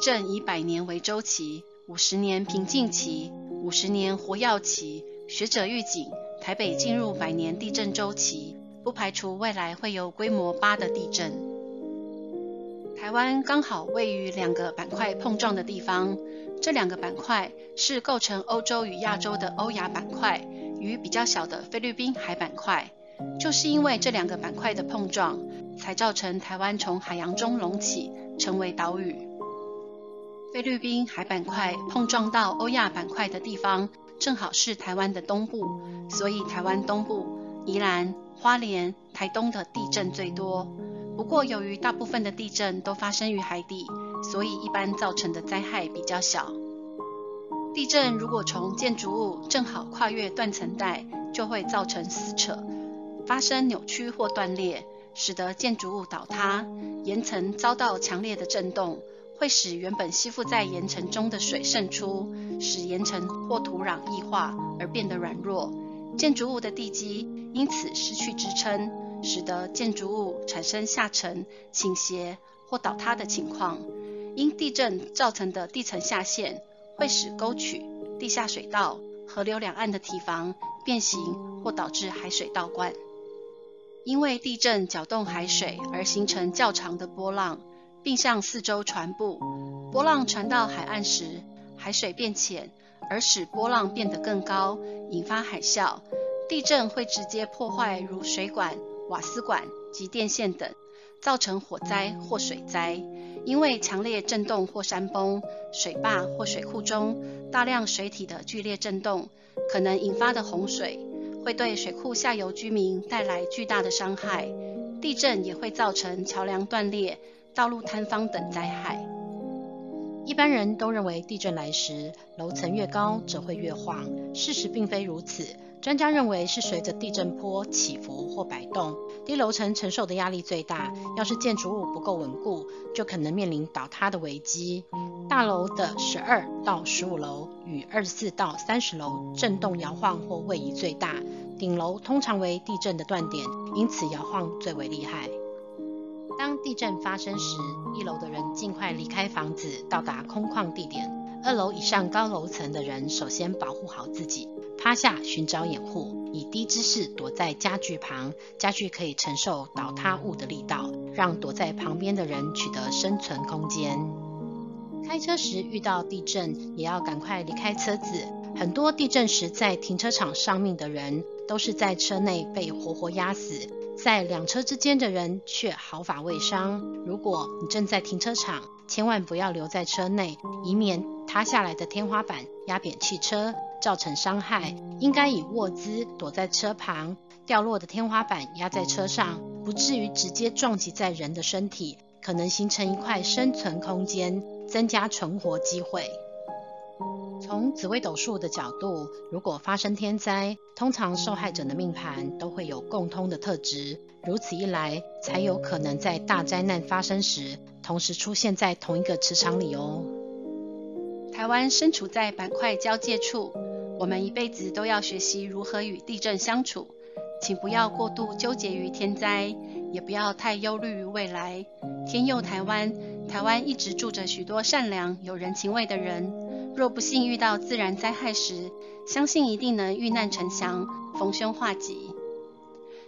地震以百年為週期，五十年平靜期，五十年活躍期。學者預警，台北進入百年地震週期，不排除未來會有規模八的地震。台灣剛好位於兩個板塊碰撞的地方，這兩個板塊是構成歐洲與亞洲的歐亞板塊，與比較小的菲律賓海板塊。就是因為這兩個板塊的碰撞，才造成台灣從海洋中隆起，成為島嶼。菲律賓海板塊碰撞到歐亞板塊的地方，正好是台灣的東部，所以台灣東部、宜蘭、花蓮、台東的地震最多。不過，由於大部分的地震都發生於海底，所以一般造成的災害比較小。地震如果從建築物正好跨越斷層帶，就會造成撕扯、發生扭曲或斷裂，使得建築物倒塌，岩層遭到強烈的震動，會使原本吸附在岩層中的水滲出，使岩層或土壤液化而變得軟弱，建築物的地基因此失去支撐，使得建築物產生下沉、傾斜或倒塌的情況。因地震造成的地層下陷，會使溝渠、地下水道、河流兩岸的堤防變形或導致海水倒灌。因為地震攪動海水而形成較長的波浪。並向四周傳佈。波浪傳到海岸時，海水變淺，而使波浪變得更高，引發海嘯。地震會直接破壞如水管、瓦斯管及電線等，造成火災或水災。因為強烈震動或山崩、水壩或水庫中大量水體的劇烈震動，可能引發的洪水，會對水庫下游居民帶來巨大的傷害。地震也會造成橋梁斷裂，道路坍方等災害。一般人都認為地震來時，樓層越高則會越晃，事實並非如此。專家認為是隨着地震波起伏或擺動，低樓層承受的壓力最大。要是建築物不夠穩固，就可能面臨倒塌的危機。大樓的十二到十五樓與二十四到三十樓震動搖晃或位移最大，頂樓通常為地震的斷點，因此搖晃最為厲害。當地震發生時，一樓的人儘快離開房子，到達空曠地點；二樓以上高樓層的人，首先保護好自己，趴下尋找掩護，以低姿勢躲在家具旁，家具可以承受倒塌物的力道，讓躲在旁邊的人取得生存空間。開車時遇到地震，也要趕快離開車子。很多地震時在停車場喪命的人，都是在車內被活活壓死。在兩車之間的人卻毫髮未傷。如果你正在停車場，千萬不要留在車內，以免塌下來的天花板壓扁汽車，造成傷害。應該以臥姿躲在車旁，掉落的天花板壓在車上，不至於直接撞擊在人的身體，可能形成一塊生存空間，增加存活機會。從紫微斗數的角度，如果發生天災，通常受害者的命盤都會有共通的特質，如此一來，才有可能在大災難發生時，同時出現在同一個磁場裡哦。台灣身處在板塊交界處，我們一輩子都要學習如何與地震相處，請不要過度糾結於天災，也不要太憂慮於未來。天佑台灣，台灣一直住着許多善良、有人情味的人。若不幸遇到自然災害時，相信一定能遇難呈祥，逢凶化吉。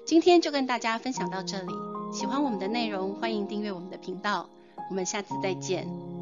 今天就跟大家分享到這裡，喜歡我們的內容，歡迎訂閱我們的頻道。我們下次再見。